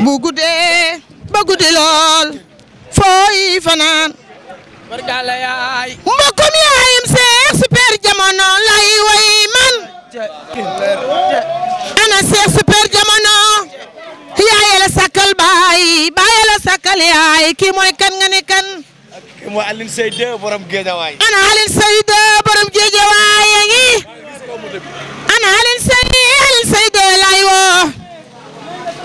bu guddee ba guddi lool fooy fanaan mbokkum yaayam Seex Super Jamono lay man ana Seex Super Jamono yaay la sakkal baay baay la sakkal yaay kii mooy kan nga ne kan kii mooy Alioune Seye borom Géejawaay ana ana Alioune Seye Alioune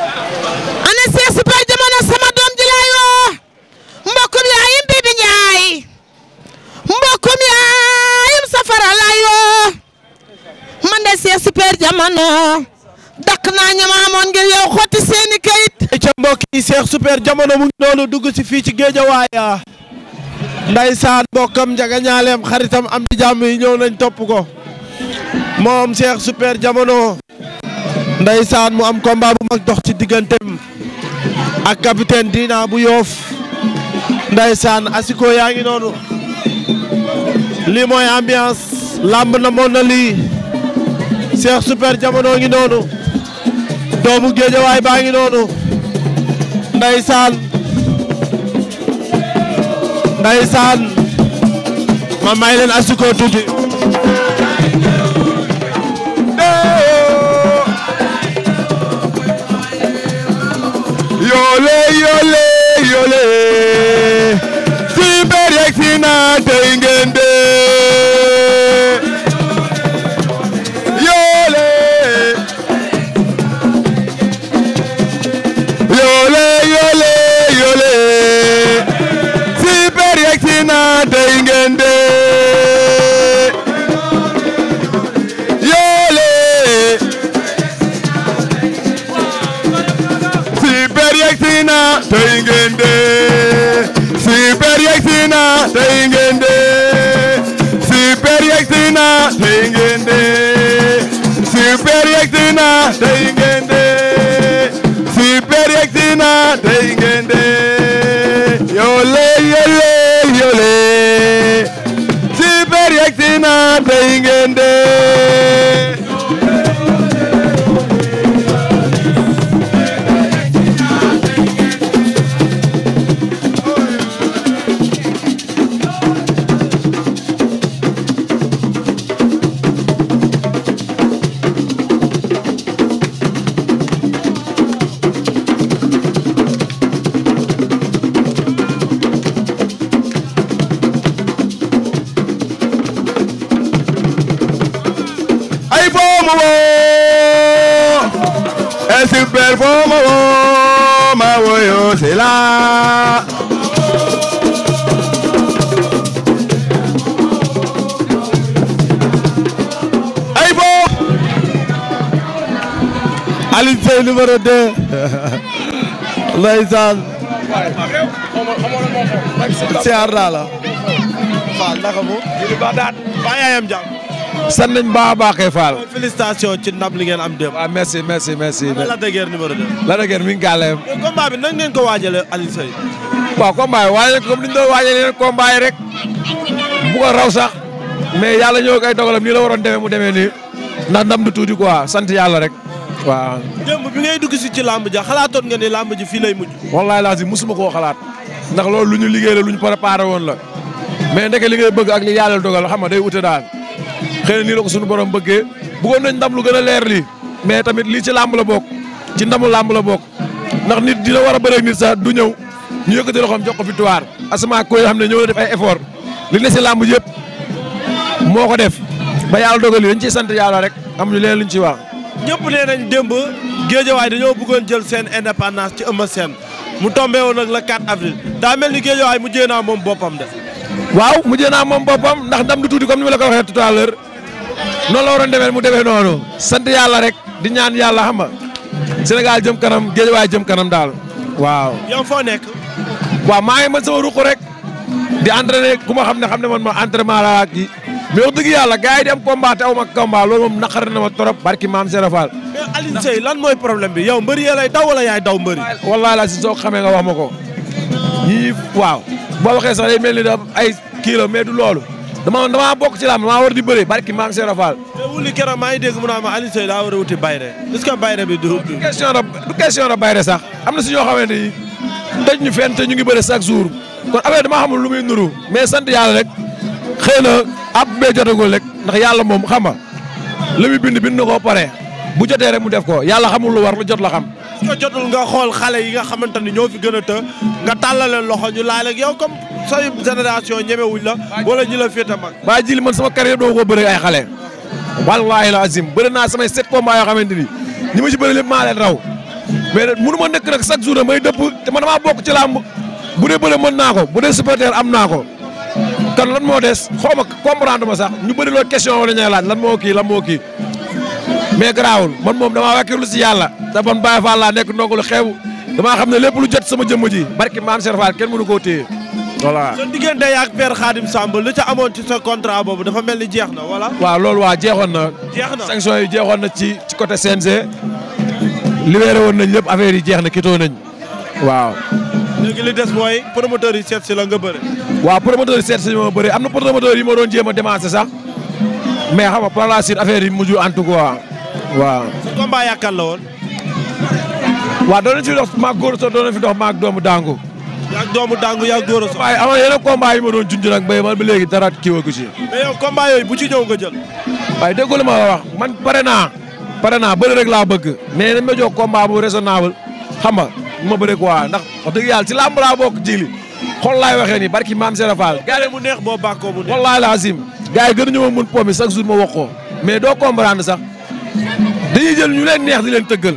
ana Cheikh Super Jamono sama doom ji laay woo mbokkum yaayim Bibi Njaay mbokkum yaayim safara laay woo de Cheikh Super Jamono dakk naa ñama amoon ngir yow xotti seeni kayit ca mbokk yi Cheikh Super Jamono mu ngi noonu dugg ci fii ci Géejawaay ndaysaan mbokkam njagañaaleem xaritam am jàmm yi ñëw nañ topp ko moom Cheikh Super Jamono ndeysaan mu am combat bu mag dox ci digganteem ak capitaine Dina bu yoof ndeysaan asiko yaa ngi noonu lii mooy ambiance làmb na moon na lii Cheikh Super Diamono ngi noonu doomu Géejawaay baa ngi noonu ndeysaan ndeysaan ma may leen asiko tuuti yoole yoole yoole si bérek si na tey ngeen dee Production, c'est là ay bo Alioune Seye numéro 2 ndeysaan siyaar naa la fa naka mu ba yaayam jàmm sant nañ baax a baaxee Fall. félicitations ci ndam li ngeen am démb. waaw ah, merci merci merci. lan la dëgër numéro 2. lan la dëgër mi ngi gàlleem. combat bi nan ko waajalee Alioune Seye. waaw combat yi waaye comme ni ñu doon waajalee yeneen combat yi rek bu raw sax mais yàlla ñoo kay dogalam nii la waroon demee mu demee nii ndax ndam du tuuti quoi sant yàlla rek. waa démb bi ngay dugg si ci lamb ja xalaatoon nga ni làmb ji fii lay mujj. wallaay laa si musuma koo xalaat ndax loolu lu ñu liggéey la lu ñu préparé woon la mais ndeke li ngay bëgg ak li yàlla dogal xam nga day ute daal xëy na nii la ko suñu borom bëggee bëggoon nañ ndam lu gën a leer lii mais tamit lii ci làmb la bokk ci ndamu làmb la ndax nit dina war a bëreeg nit sax du ñëw ñu yëkkati loxoom jox ko victoire asama koy xam ne ñëw na def ay effort li ne si làmb yëpp moo ko def ba yàlla dogal dañ ci sant yàlla rek amuñu leen luñ ci wax. ñëpp nee nañ démb géejawaay dañoo bëggoon jël seen indépendance ci Eumeu Sène mu tombé woon nag le 4 avril daa mel ni géejawaay mujjee naa moom boppam naa moom boppam ndax ndam noonu la waroon demee mu demee noonu sant yàlla rek di ñaan yàlla xam nga Sénégal jëm kanam Guédiawaye jëm kanam daal waaw. yow foo nekk. waaw maa ngi mën sama ruq rek di entraîné ku ma xam ne xam ne man ma entraînement laa ak yi mais wax dëgg yàlla gars yi di am combat te aw ma combat loolu moom naqar na ma trop barki maam Serap Fall. mais Alioune Seye lan mooy problème bi yow mbëri yee lay daw wala yaay daw mbëri. wallaahi la si soo xamee nga wax ma ko. waaw boo waxee sax day ay kilo mais du loolu. dama damaa bokk ci làmb damaa war di bëre barki maam Seera Fall. te wuli maa ngi dégg mu naan ma Alioune Seye daa war a wuti Bayre est-ce que Bayre bi du. du question da du question Bayre sax am na si ñoo xamante ni tëj ñu feen te ñu ngi bëre chaque jour kon affaire dama xamul lu muy nuru mais sant yàlla rek xëy na ab bee jotagul rek ndax yàlla moom xam nga li muy bind bind na koo pare bu jotee rek mu def ko yàlla xamul lu war lu jot la xam. est-ce nga xool xale yi nga xamante ni ñoo fi gën a të nga tàllale loxo ñu laal ak yow comme say génération ñemewuñ la wala ñu la féete mag baa jili man sama carrière doo ko bëri ay xale wallaahi la azim bëri naa samay sept combats yoo xamante ni ñi ma ci bëri lépp maa leen raw mais mënu ma nekk nag chaque jour da may dëpp te man damaa bokk ci làmb bu dee bëri mën naa ko bu dee supporter am naa ko kon lan moo des xaw ma comprendre ma sax ñu bëri loolu question wala ñuy laaj moo kii lan moo kii mais garaawul man moom damaa wàkkirlu si yàlla te man Baye Fall laa nekk ndongolu xeebu dama xam ne lépp lu jot sama jëmm ji barki maam Cheikh Fall kenn mënu koo téye voilà. sa diggante ak père Khadim Samb lu ca amoon ci sa contrat boobu dafa mel ni jeex na wala. waaw loolu waa jeexoon na. jeex na sanction yi jeexoon na ci ci côté CNG. libéré woon nañ lépp affaire yi jeex na kitoo nañ. waaw. léegi li des mooy promoteurs yi seet si la nga bëri. waaw promoteurs yi seet si ma bëri am ma doon sax. mais xam nga par la suite affaire yi mujj en tout cas waaw. su combat yaakaar la woon. waaw doon nañ fi dox maag góor so doon fi dox maag doomu dangu. ak yaa góor so. waaye amoon yeneen combat yi ma doon junj nag bay man ba léegi dara kii woo ko si. mais yooyu bu ci ñëw nga jël. waaye déggu la wa wax man pare naa. pare naa bëri rek laa bëgg. mais nañ ma jox combat bu raisonnable xam nga ma bëri quoi ndax wax dëgg yàlla si làmb laa bokk jili xool laay waxee ni barki maam Serap Fall. mu neex boo bàkkoo mu neex. wallaay laazim gars yi gënuñu ma mën po mi chaque jour ma wax ko mais doo comprendre sax dañuy jël ñu leen neex di leen tëggal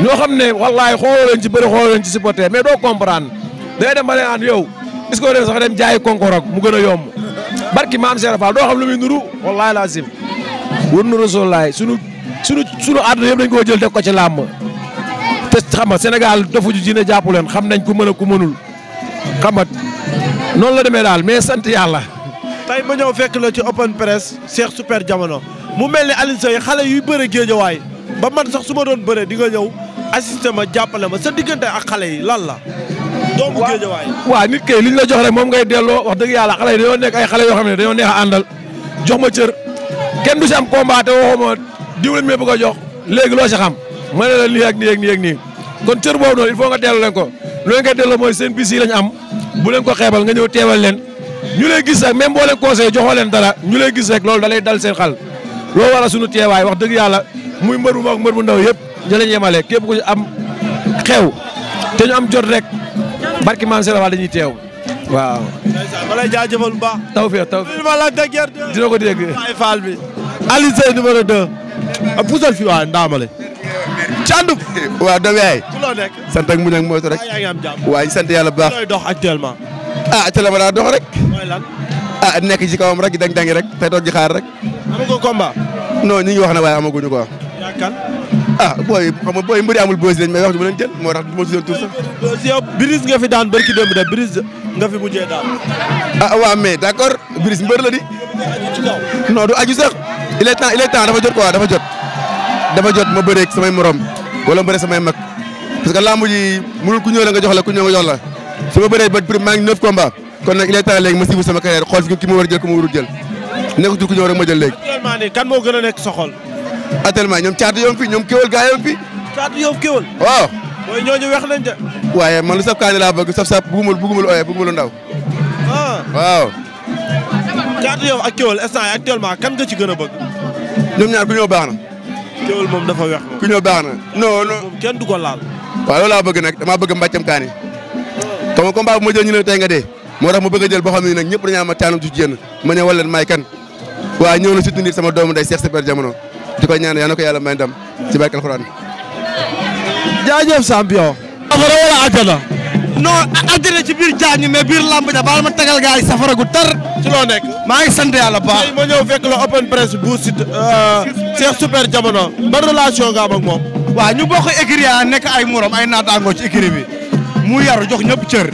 ñoo xam ne wallaay xooloo leen ci bëri xooloo leen ci supporter mais doo comprendre day dem ba ne aan yow est-ce dem sax dem jaayi konkorok mu gën a yomb barki maam Cheikh Fall doo xam lu muy nuru wallaay lazim wër nu rasulaay sunu sunu sunu àdduna yëpp dañ koo jël def ko ci làmb te xam nga Sénégal dofu ju jine jàpp leen xam nañ ku mën a ku mënul xam nga noonu la demee daal mais sant yàlla tey ma ñëw fekk la ci open press Cheikh Super Jamono mu mel ni Alioune Seye xale yu bëre géejawaay ba man sax su ma doon bëre di nga ñëw assisté ma jàppale ma sa diggante ak xale yi lan la. doomu géejawaay waa nit kay li ñu la jox rek moom ngay delloo wax dëgg yàlla xale yi dañoo nekk ay xale yoo xam ne dañoo neex a àndal jox ma cër kenn du si am combat te waxuma diw lañ may bëgg jox léegi loo si xam ma ne la lii ak nii ak ni ak nii kon cër boobu noonu nga delloo ko loolu nga delloo mooy seen yi lañ am bu leen ko xeebal nga ñëw teewal leen ñu lay gis rek même boo leen conseillé joxoo leen ñu lay gis rek loolu da lay dal seen xal loolu waral suñu teewaay wax dëgg yàlla muy mbër bu mag ndaw yëpp ñu leen yemale képp ku ci am xew te am jot rek barki man Serap dañuy teew waaw. ma lay jaajëfal bu baax. taw taw feex ma la dina ko dégg. ay faal bi Alioune Seye numéro 2. a puusal fii waaw ndaamale. Thiandoum. waaw doom yaay. sant ak muñ ak moytu rek. waaw sant yàlla bu baax. dox actuellement. ah ca la ma daa dox rek. mooy lan. ah nekk ci kawam rek dang dangi rek te toog ji xaar rek. amagoo combat. non ñu wax ne waaye amaguñu quoi. yaa kan. ah booy xam amul boos lañ may wax ma leen jël moo tax du ma si doon tur sax. boos yow Brise nga fi daan bëri ci démb de Brise nga fi mujjee ah, la di. non du aju sax. il est temps il est temps dafa dafa jot. dafa jot ma bëreeg samay morom wala ma bëreeg samay mag parce que lamb ji mënul ku ñëw la nga jox la ku ñëw nga la. su ma bëree ba maa ngi neuf combat kon nag il est temps léegi ma siibu sama carrière xool si ki ma war a jël ku ma warul jël nekkatul ku ñëw rek ma jël léegi. actuellement kan moo gën a nekk sa xol. actuellement ñoom caatu yoon fi ñoom kéwal gaa yoon fi. caatu yoon kéwal. waaw. mooy ñooñu wex nañ de. waaye man lu saf kaani laa bëgg saf sap buguma buguma lu oye buguma lu ndaw. Ah. waaw. caatu yoon ak kéwal instant actuellement kan nga ci gën a bëgg. ñoom ñaar ku ñëw baax na. kéwal moom dafa wex moom. ku ñëw baax na non non. moom kenn du ko laal. waaw loolu laa bëgg nag damaa bëgg mbàccam xam nga combat bu ma jël ñu ne tey nga dee moo tax ma bëgg a jël boo xam ne nag ñëpp dañaa ma taanam ci génn ma ne wala may kan waaye ñëw na si nit sama doomu day Cheikh Super Jamono di ñaan yaa ko yàlla may ndam ci barke alxuraan jaajëf champion safara wala àjjana non àjjana ci biir jaañu mais biir lamb ja baal ma tagal gars safara gu tar ci loo nekk maa ngi sant yàlla baax tey ma ñëw fekk la open press bu site euh, Cheikh Super Jamono ban relation nga mo ak ñu bokk écurie nekk ay morom ay naataango ci bi mu yaru jox ñëpp cër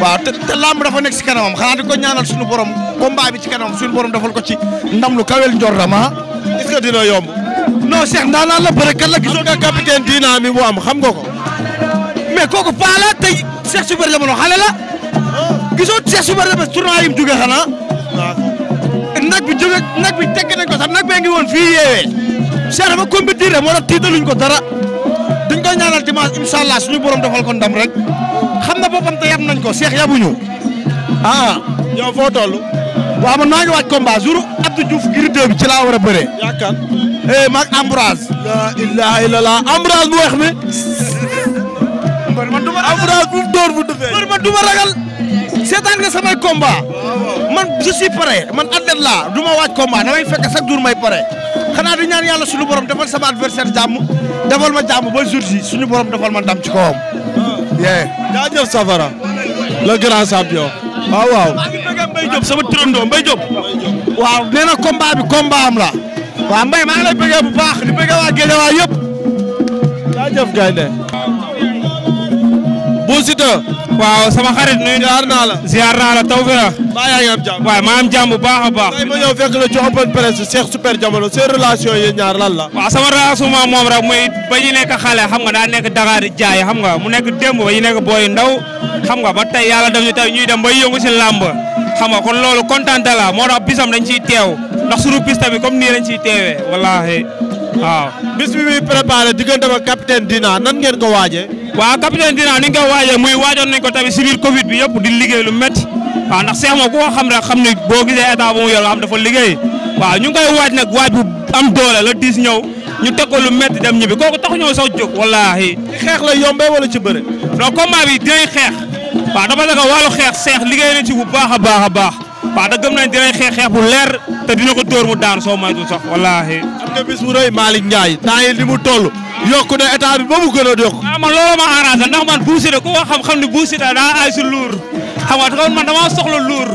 waaw te te làmb dafa nekk si kanamam xanaa ko ñaanal suñu borom combat bi ci kanamam suñu borom defal ko ci ndam lu kawel njortam ah est-ce dina yomb. non Cheikh ndaanaan la bëre kan la gisoo nga capitaine dina mi mu am xam nga ko mais kooku paa la tey Cheikh Super Jamono xale la gisoo Cheikh Super Jamono tournoi yi mu jógee xanaa nag bi jógee nag bi tekk nañ ko sax bee ngi woon fii yeewee Cheikh dafa compétir moo tax tiitaluñ ko dara. koy ñaanal ma incha allah suñu borom defal ko ndam rek xam na boppam te yab nañ ko Cheikh yabuñu ah yow foo toll. waaw man maa ngi waaj combat jour Abdou Diouf ngir bi ci laa war a bëree. yaakaar eh maag Ambroise. la ilaha illallah Ambroise bu weex mi. man du ma Ambroise bu dóor bu dëfee. man du ma ragal. seetaan nga samay combat. man je suis prêt man athlète laa du ma waaj combat damay fekk chaque jour may pare. xanaa di ñaan yàlla suñu borom defal sama adversaire jàmm defal ma jàmm ba jour ji suñu borom defal ma ndam ci kawam. Ah. yee jaajëf Safara. le grand champion. waaw waaw. Mbaye Diop sama turandoo Mbaye Diop. waaw nee na combat bi combat am la. waaw Mbaye maa ngi lay bëggee bu baax di bëggee waa Guédiawaye yëpp. jaajëf gaynde. Bou Siteu waaw sama xarit nuyu ziar naa la ziar naa la tawfeex baa yaa ngi am jàmm waaw maa baax a baax tey ma ñëw fekk la ci open press Cheikh Super Diamono seen relation yi ñaar la waaw sama relation moom rek muy ba ñu nekk xale xam nga daa nekk Dakar jaay xam nga mu nekk démb ba ñu nekk booy ndaw xam nga ba tey yàlla dam ñu tey ñuy dem ba yëngu si làmb xam nga kon loolu kontaan la moo tax bisam dañ ciy teew ndax suñu bis tamit comme nii dañ ciy teewee wallaahi waaw bis bi muy préparé diggante ak capitaine Dina nan ngeen ko waajee waaw capitaine Dina ni nga ko waajee muy waajoon nañ ko tamit si biir Covid bi yëpp di liggéey lu métti waaw ndax seex moom ku xam rek xam ni boo gisee état bu mu yor xam dafa liggéey waaw ñu ngi koy waaj nag waaj bu am doole la diis ñëw ñu teg ko lu métti dem ñibbi kooku tax ñëw sax jóg wallaahi. xeex la yombee wala ci bëre. non combat bi dinañ xeex waaw dafa nekk wàllu xeex Cheikh liggéey nañ ci bu baax a baax a baax waaw da gëm nañ dinañ xeex xeex bu leer te dina ko dóor mu daan soo moytu sax wallaahi. am nga bis bu rëy Malick Ndiaye yokku na état bi ba mu gën a yokku. waaw ah, man loolu ma arrangé ndax man Bou ku ko xam-xam ne Bou Siteu daa aay si luur xam nga kon man damaa soxla luur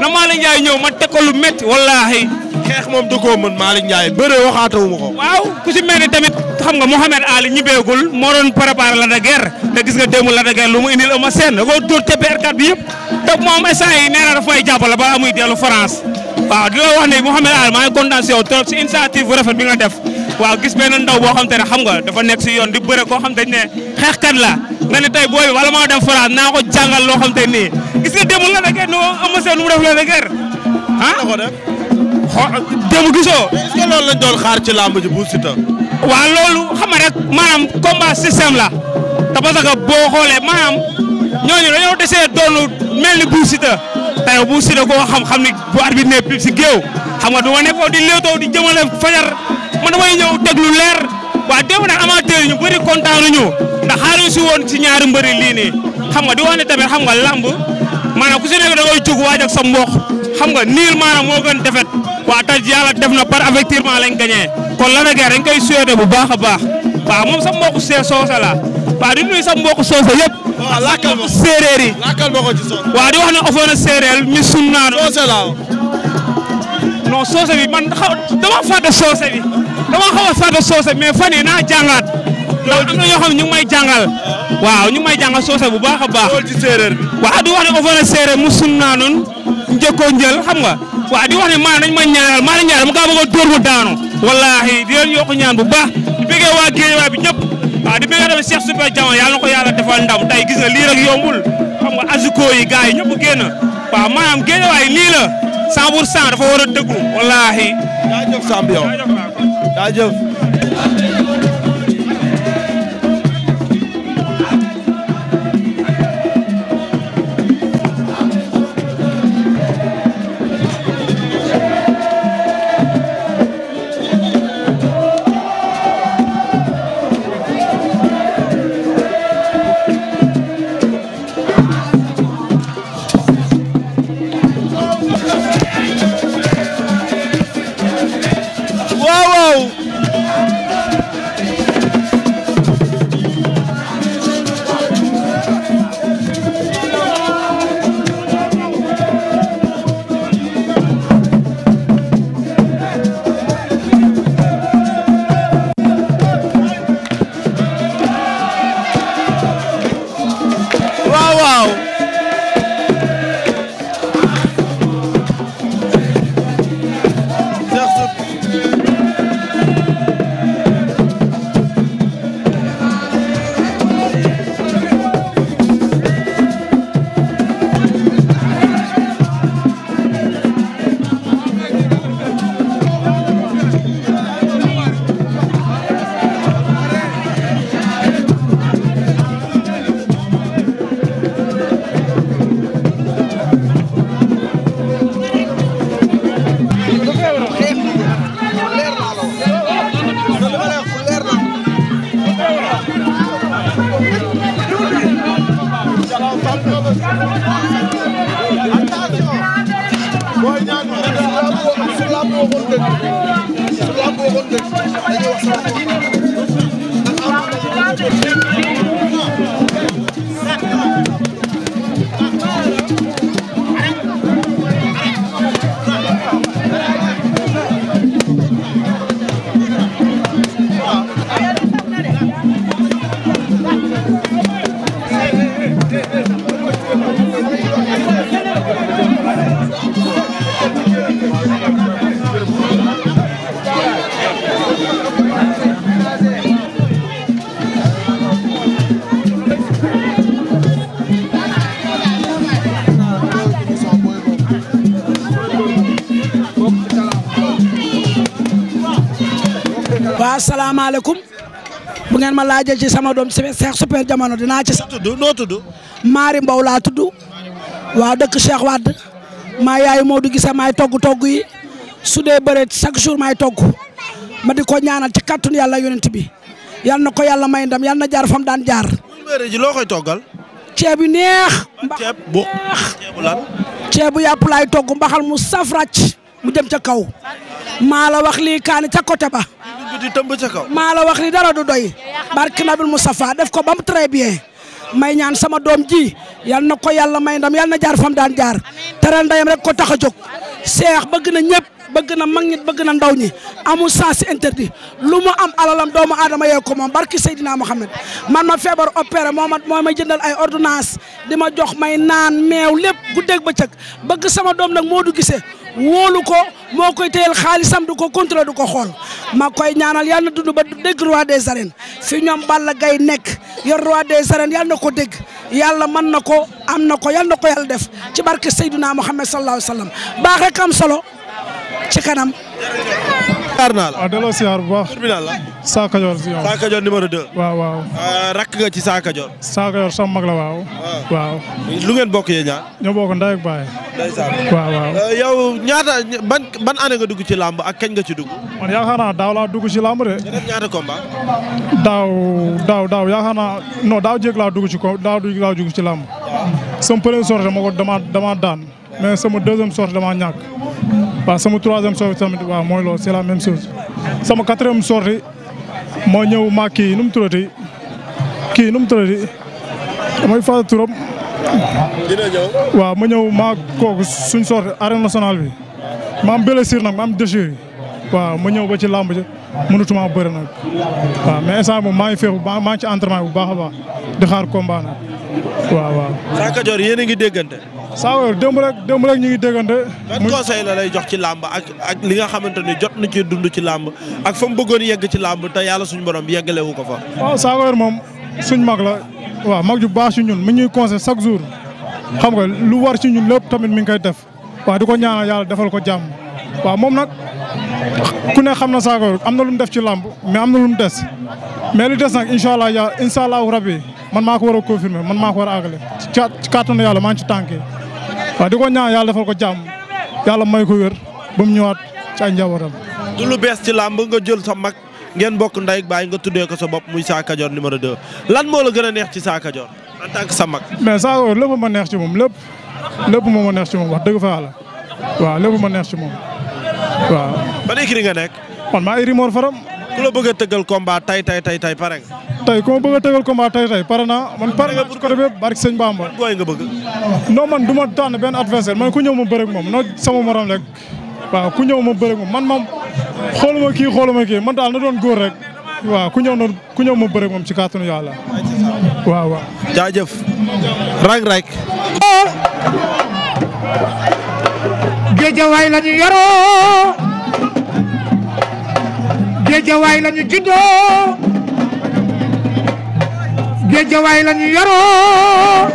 na Malick ñëw ma teg ko lu métti wallaahi. xeex moom da koo mën Malick Ndiaye bëree waxaatawu ma ko. waaw ku si mel tamit xam nga Mouhamed Ali ñibbeegul moo doon préparé la de guerre te gis nga démb la de guerre lu mu indil ama seen da koo dóor tpr bi yëpp te moom instant yii nee na dafay jàppale ba amuy dellu France waaw di la wax ne Mouhamed Ali maa ngi rafet bi nga def waaw gis benn ndaw boo xam te ne xam nga dafa nekk si yoon di bëre koo xam te ne la nga ne tey booy bi wala maa dem naa ko jàngal loo xam te nii gis nga démb la da ngeen am seen lu mu def la da ngeen. ah ko def xoo démb gisoo. est ce que loolu la te parce boo xoolee maanaam ñooñu mel ni bu Siteu tey bu Siteu koo xam-xam ni bu arbitre ne si géew xam nga du ma ne foofu di léetoo di jëmale fajar. man damay ñëw teg lu leer waa démb nag amateur yi ñu kontaan bëri kontaanuñu ndax xaaruñu si woon si ñaari mbëri lii xam nga di wax ne tamit xam nga lamb maanaam ku si nekk da ngay jóg waaj sa mboq xam nga niil maanaam moo gën defet waa taj yàlla def na par effectivement lañ gagné kon la nag dañ koy suéde bu baax a baax waaw moom sa mbokku see soose la waaw di nuyu sa mbokku soose yëpp. waaw yi lakkal ma ko di wax ne ofoo na séeréer mi sunu naa. soose la non soose bi man dama dama xaw a sàdd soose mais fan yii naa jàngaat. ndax am na ñoo xam ne ñu may jàngal. waaw ñu may jàngal soose bu baax a baax. lool ci séeréer bi. waaw di wax ne au séeréer mu sunu naa noonu njëkkoo njël xam nga waaw di wax ne maanaam dañu ma ñaanal maanaam ñaanal mu gaa bëgg a mu daanu. wallaahi di yokk ñaan bu baax di bëggee waa Guédiawaye bi ñëpp waaw di bëggee tamit Cheikh Super Diamant yàlla na ko yàlla defal ndam tey gis nga lii rek yombul waaw maanaam Guédiawaye lii la 100 pour dafa war a dëggu wallaahi. jaajëf attention Boy Niang ngeen ma laajee ci sama doom Cheikh Super Jamono dinaa ci sa tudd noo tudd Maari Mbow laa tudd waa dëkk Cheikh Wade maa moo Modou Gissa maay togg togg yi su dee bëreet chaque jour maay togg ma di ko ñaanal ci kattun yàlla yonent bi yal na ko yàlla may ndam yal na jaar fam daan jaar. loo koy toggal. ceeb yi neex. ceeb bu ceeb yàpp laay togg mbaxal mu saf ràcc mu jëm ca kaw maa la wax lii kaani ca côté ba maa la wax lii dara du doy barke nabil Moustapha def ko ba mu très bien may ñaan sama doom ji yal na ko yàlla may ndam yal na jaar fam daan jaar teral ndeyam rek ko tax a jóg seex bëgg na ñëpp bëgg na mag ñi bëgg na ndaw ñi amul sens interdit lu mu am alalam doomu aadama yee ko moom barki Seydina Mohamed man ma feebar opéré moo ma moo ma jëndal ay ordonnance di ma jox may naan meew lépp guddeeg bëccëg bëgg sama doom nag moo du gisee wóolu ko moo koy téyel xaalisam du ko contrôler du ko xool ma koy ñaanal yal na dund ba dégg roi des arènes fi ñoom Balla gay nekk yor roi des arènes yal na ko dégg yàlla mën na ko am na ko yal na ko yàlla def ci barke Seydina Muhammad sallallahu alayhi wa sallam baax rek am solo ci kanam. yaakaar naa la. waaw ah, delloo siyaar bu baax. Saa Kajoor si yow. Kajoor numéro 2. waaw waaw. Ah, rakk nga ci Saa Kajoor. Saa Kajoor sama mag waaw. Ah. waaw. lu ngeen bokk yee ñaar. ñoo bokk ndey ak baay. waaw waaw. Euh, yow ñaata ban ban nga dugg ci làmb ak kañ nga ci dugg. man yaakaar daaw laa dugg ci làmb de. nga def ñaata combat. daaw daaw daaw yaakaar daaw jéeg laa dugg ci ko daaw jéeg laa dugg ci làmb. sama première sortie ma daan mais sama deuxième sortie dama ñàkk. waaw sama troisième sortie tamit waaw mooy loolu c'est la même chose sama quatrième sortie moo ñëw maa kii nu mu tuddati kii nu mu mooy damay fàttali turam. dina waaw ma ñëw maa kooku suñ sortie arène nationale bi ma am blessure nag ma am déchirure ma ñëw ba ci lamb ja mënutuma bëri nag waaw mais instant moom maa ngi fépp maa ngi ci entraînement bu baax a baax di xaar combat nag waaw yéen a ngi déggante. Sawer démb rek démb rek ñu ngi déggante. ban conseil lay jox ci làmb ak ak li nga xamante ni jot na ci dund ci làmb ak fa mu yegg ci làmb te yàlla suñu borom yeggalewu ko fa. waaw Sawer moom suñ mag la waa mag ju baax si ñun mu ñuy conseil chaque jour xam nga lu war ci ñun lépp tamit mi ngi koy def waaw di ko ñaanal yàlla defal ko jàmm waaw moom nag ku ne xam na Sawer am na lu mu def ci làmb mais am na lu mu des mais lu des nag incha allah yaa incha allahu rabbi man ko war a man maa ko war a àggale ci kàttanu yàlla maa ci tànkee waaw di ko ñaan yàlla defal ko jàmm yàlla may ko wér ba mu ñëwaat ci ay njabootam. du lu bees ci làmb nga jël sa mag ngeen bokk ndey ak baay nga tuddee ko sa bopp muy Sa Cadior a 2 lan moo la gën a neex ci Sa Cadior en tant que sa mag. mais Sa Cadior lépp ma neex ci moom lépp lépp moo ma neex ci moom wax dëgg fa yàlla waa lépp ma neex ci moom waaw. ban écurie nga nek man maa ngi Mor Faram. ku la bëgg a tëggal combat tay tay tay tay pare tey ku ma bëgg a tëgal combat tey tey pare naa man pare ci côté bépp barki sëñ Bamba. booy nga bëgg. non man du ma tànn benn adversaire man ku ñëw ma bëreeg moom non sama morom rek waaw ku ñëw ma bëreeg moom man moom xooluma kii xooluma kii man daal na doon góor rek waaw ku ñëw ku ñëw ma bëreeg moom ci kàttanu yàlla waaw waaw. jaajëf. rang rek. géejawaay la ñu yaroo géejawaay la ñu juddoo. géejawaay la ñu yoroo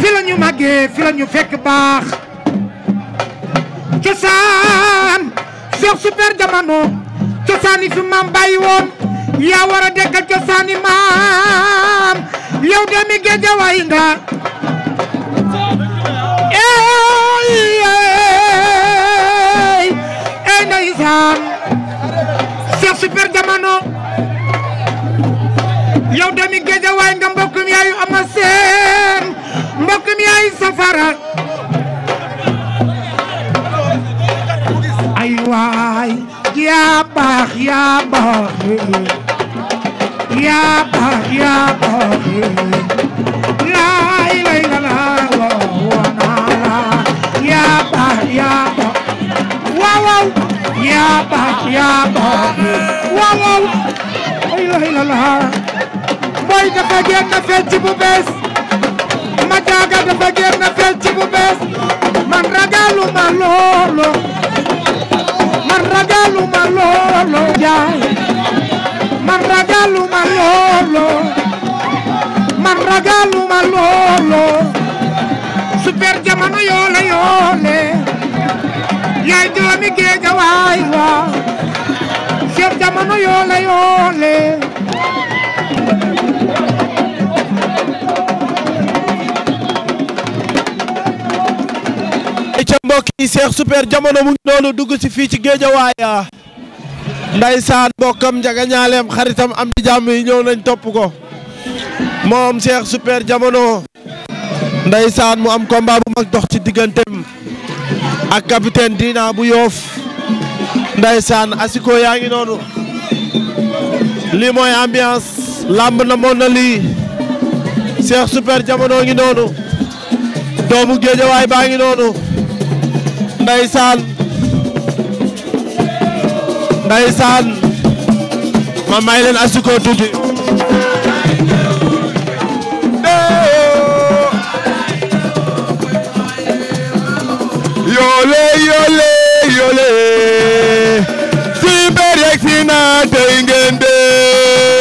fi la ñu fi la fekk baax cosaan Cheikh Super Jamono cosaan fi maam bàyyi woon yaa war a dekkal cosaan yi maam yow doomi géejawaay nga eh, yow doomi Géejawaay nga mbokkum yaayu ama seen mbokkum yaayu safara ay waay yaa baax yaa baax yaa baax yaa baax laay lay la la wana la yaa baax yaa baax waaw waaw yaa baax yaa baax waaw waaw ay lay la la boy dafa man ragalu ma loolo yoole yoole yaay doomi géeja waay waa chef jamono yoole yoole ca mbokk yi Cheikh Super Jamono mu ngi noonu dugg ci fii ci Géejawaay ndaysaan mbokkam njagañaaleem xaritam am di jàmm yi ñëw nañ topp ko moom Cheikh Super Jamono ndaysaan mu am combat bu mag dox ci digganteem ak capitaine Dina bu Yoof ndaysaan asiko yaa ngi noonu lii mooy ambiance làmb na moon na lii Cheikh Super Jamono ngi noonu doomu Géejawaay baa ngi noonu ndeysaan ndeysaan ma may leen asuko tuuti yole yole yole si mbër yegsi na tey ngeen dee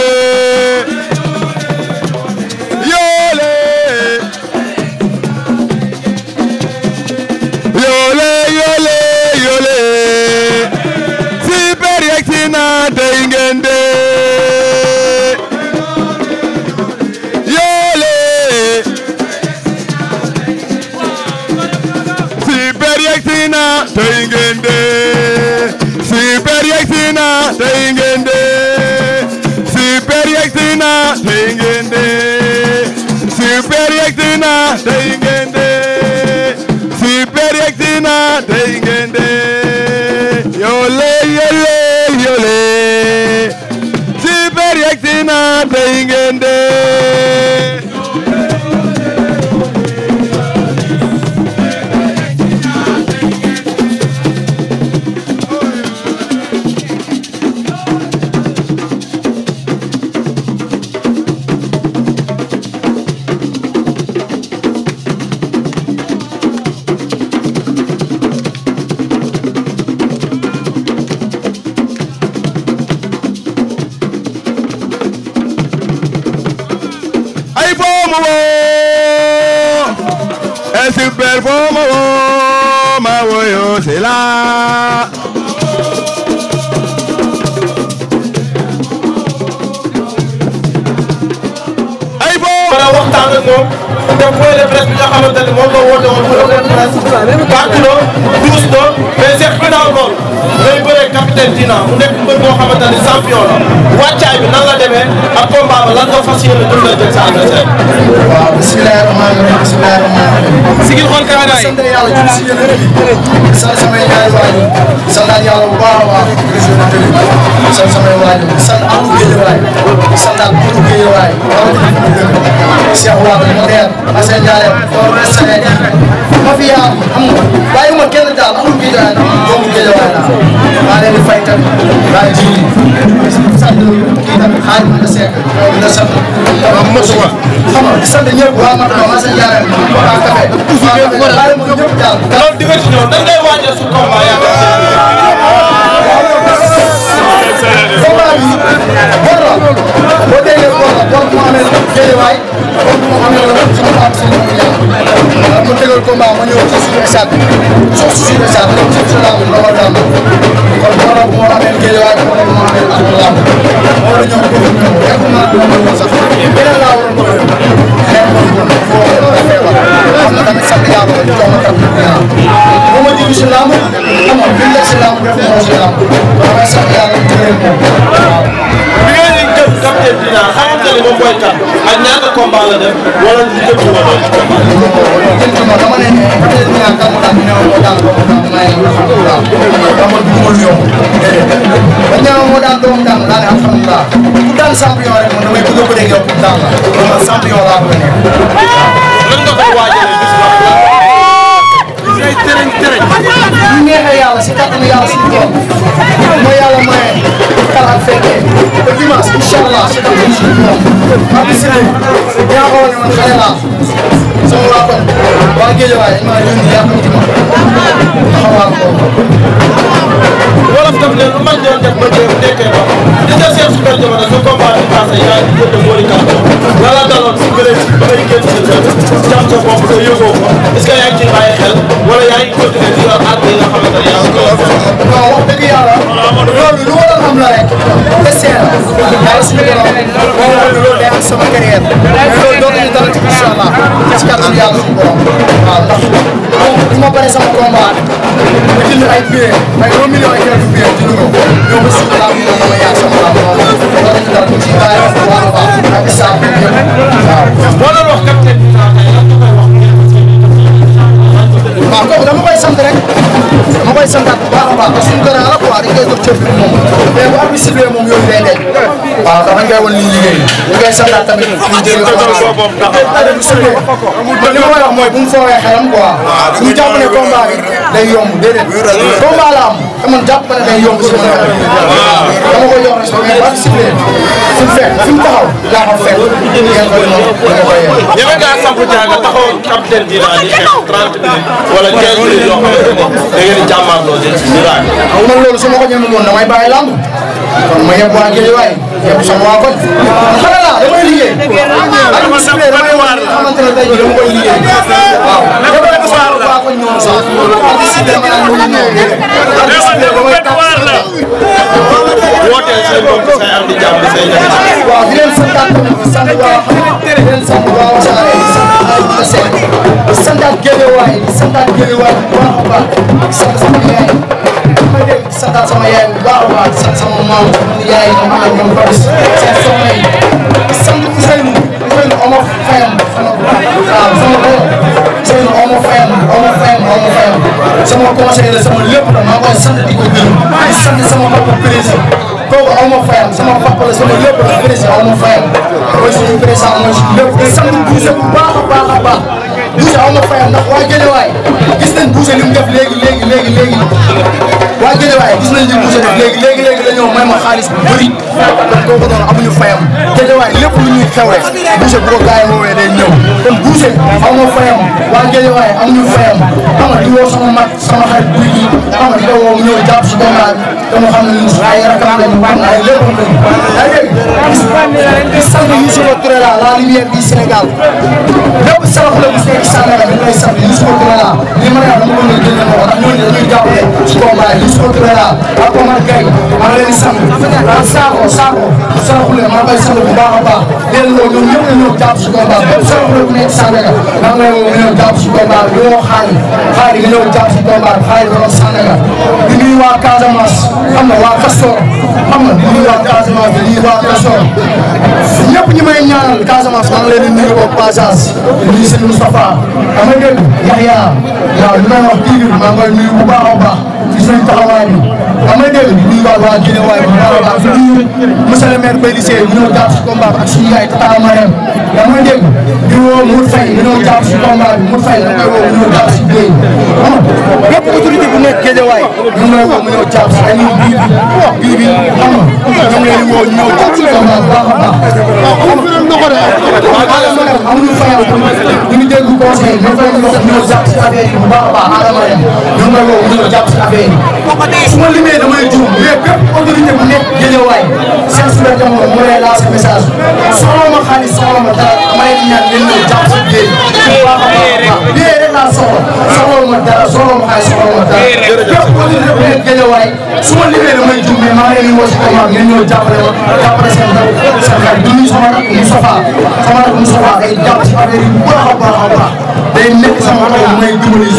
lan nga fas yéene dundal jëm sa adversaire. waaw bisimilah rahmaani rahim bisimilah rahmaani sigil xool kaay sant yàlla jub si yéen a sant samay ñaari waajur sant yàlla bu baax a baax président de la sant samay waajur sant amul géejewaay sant daal amul géejewaay Cheikh Wade ma leer Assane Ndiaye ma leer Sane ma fi yaa am bàyyi ma kenn daal amul géejewaay doomu géejewaay laa maa leen di fay tamit maa ngi ji sant kii tamit xaar ma la sekk dina sant. waaw mos wa xam nga sant ñëpp waaw man ma Assane Ndiaye ma waaye. loolu diversion nan ngay waajal su combat yaa combat bi bor la boo déggee bor la bor bu mu amee géejewaay bor bu mu amee la ci ma am seen mbokku yàlla ma tegal combat ma ñëw ci suñu saako suuf si suñu saako ci suñu laamu la war a kon bor la bu mu amee géejewaay bor la bu mu amee yàlla def wala li jëm ci wàllu. dama ne peut-être ñu naan kàmm daal ñu ne woon moo daal doomu daal maa ngi xam lu daal kàmm du ma lu yomb déedéet dañ ne moo daal doomu daal daal di am xam lu daal ku daan champion rek man damay bëgg a bëreeg yow pour daal la man man champion laa bëgg a nekk. lan nga koy waajalee bis bu baax. ngay tërëñ tërëñ. bu neexee yàlla si kàttanu yàlla si tool. fekkee ba dimanche incha allah si kaw bi si sama waa koñ waa géej waaye dañ maa yónni yàlla ci ma taxawal ko. wolof daf leen lu man doon def ba déwén nekkee ba li des seen super jamono sa combat bi passé yaa ngi jënd boori kàddu lala daloon si bëre si bëre génn sa kër jàpp sa bopp te yóbboo ko est-ce que yaa ngi ciy bàyyi xel wala yaa ngi continuer di yor at yi nga xamante ne yaa ngi ko yor. waaw wax dëgg yàlla loolu lu war a xam la rek essai la yàlla suñu borom boo loolu loolu day am sama carrière mais loolu dootuñu dara ci incha allah ci kàttan yàlla suñu borom waaw ndax bu ma paree sama combat ma jënd ay billet ay 1 million et quelques billet jënd ko ñoo ko suñu laa ko ma yaay sama laa ko loolu dara ci bàyyi waaw waaw ak saa boo doon wax capitaine bi waaw waaw kooku dama koy sant rek dama koy santaat bu baax a baax parce que suñu gën a la quoi dañ koy jox cër bi moom mais bu am si biir moom yooyu day nekk waaw dafa ngay wan ni liggéey ñu koy santaat tamit ñu jëriñ ko waaw bu sibee man li ma koy wax mooy bu mu foowee xelam quoi bu mu jàpp ne combat bi day yomb déedéet combat la am te man jàpp ma ne day yomb si ma dama koy jox respect mais bu am si biir fi mu fekk fi mu taxaw laa ko fekk ngeen koy noonu dama koy yem. ñeme ngaa samp jaaga taxaw capitaine Dina di xeex 30 minutes wala 15 minutes yoo xamante ne da ngeen di jàmmaarloo di diraay. xam nga loolu su ma ko ñeme woon damay bàyyi lamb kon ma yeb waa Guèye waay yeb sama waa koñ xale laa damay liggéey. ak damay waar la xamante ne tey jii dama koy liggéey waaw. waar la ko ñoom sax participer ma naan mënu ñëw bi rek participer ba may waar la wooteel seen bopp say am di jàmm di say ñebe ji waaw di leen santaat sant waa di leen sant waa Wassare di sant ay Wassare di santaat Géejawaay di santaat Géejawaay bu baax a baax di sant sama yaay ma dem di santaat sama yaay bu baax a baax di sant sama maam sama yaay ñoom ak ñoom Faris sant soxna yi di sant Ousseynou Ousseynou Omar Fayam sama waaw sama fayam amul fayam amul fayam sama conseil la sama lépp la maa koy sant di ko gërëm di sant sama papa président kooku aw ma fayam sama papa la sama lépp la président aw ma fayam mooy suñu président mooy suñu lépp di sant bu baax a baax a baax. Boucher aw ma fayam ndax waa Guédiawaye gis nañ Boucher li mu def léegi léegi léegi léegi waa Guédiawaye gis nañ li Boucher def léegi léegi léegi la ñoo may ma xaalis bu bëri kon kooku noonu amuñu fayam Guédiawaye lépp lu ñuy xew rek Boucher bu ko gars yi woowee day ñëw kon Boucher aw ma fayam waa Guédiawaye amuñu fayam xam nga di woo sama mag sama xarit buy xam nga di ko woo mu ñëw jàpp si combat bi dama xam ne ñun waaye rakam lañu waaye waaye lépp lañu waaye léegi di sant Youssoufa Touré la la lumière du Sénégal lépp sarax la gis nekk Sandaga ñu koy sant Youssoufa Touré la li ma yaa dama mën a génne moo tax ñooñu dañuy jàppale ci combat Youssoufa Touré la ak Omar Gueye ma leen sant ak Sakho Sakho saraxule ma koy sant bu baax a baax leen loolu ñoom ñëpp la ñëw jàpp si combat bépp sarax la bu nekk Sandaga ma ngi lay woo ñëw jàpp combat bi ñoo xaali xaali nga ñëw jàpp si combat bi xaali borom Sandaga di nuyu waa Casamance xam nga waa Castor xam nga di nuyu waa Casamance di nuyu waa Castor ñëpp ñi may ñaanal Casamance maa ngi leen di nuyu ko passage di nuyu sëñ Moustapha dama dégg Yahya waaw li may wax kii bi maa ngi koy nuyu bu baax a baax ci seen taxawaay bi xam nga dégg ñu waa waa Guinée waaye bu baax a baax ñu monsieur le maire Baye ñu ñëw jàpp si combat bi ak suñu yaay Tata Marème yaa ngi dégg di woo Mour Faye ñu ñëw jàpp si combat bi Mour Faye da koy woo ñu ñëw jàpp si Guèye xam nga bépp autorité bu nekk Guédiawaye ñu ngi lay woo mu ñëw jàpp si dañuy bii bii bii xam nga ñoom leen woo ñu ñëw jàpp si combat bu baax a baax amuñu fayal ñu ngi dégg conseil ñu fay ñu ñëw jàpp si affaire yi bu baax a baax Adama Marème ñu ngi lay woo mu ñëw jàpp si affaire yi ne damay jiw mais bépp autorité bu nekk Guédiawaye Cheikh Super Diamono moo lay lancé message soxla ma xaalis soxla ma dara dama leen ñaan ngeen ñëw jàpp si liggéey bi bu baax a baax baax liggéey rek laa soxla soxla ma dara soxla ma xaalis wa taala képp ku ne Guédiawaye su ma liggéey damay jug mais maa ngi woo si combat sama rakk Moustapha sama rakk Moustapha day jàpp si affaire yi bu baax a baax a baax day nekk sama rakk bu may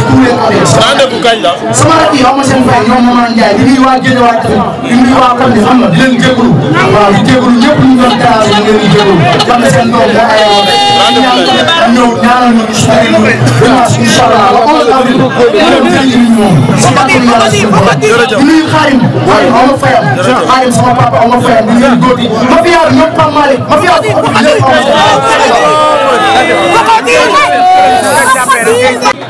sama rakk yi ama seen fay ñoom Maman Ndiaye di nuyu waa Guédiawaye tamit xam nga di leen jégalu waaw di jégalu ñëpp ñu doon teraanga ñu leen di jégalu xam ne seen doom moo ayoo ñëw ñaanal ñu gis tey ñu dimanche incha allah le 11 avril ñëw dinañu ñu moom. di nuyu xaarim xaarim aw ma fayam xaarim sama papa aw ma fayam di nuyu góor gi ma fi yaatu ñoom Pape Malick ma fi yaatu ak ñoom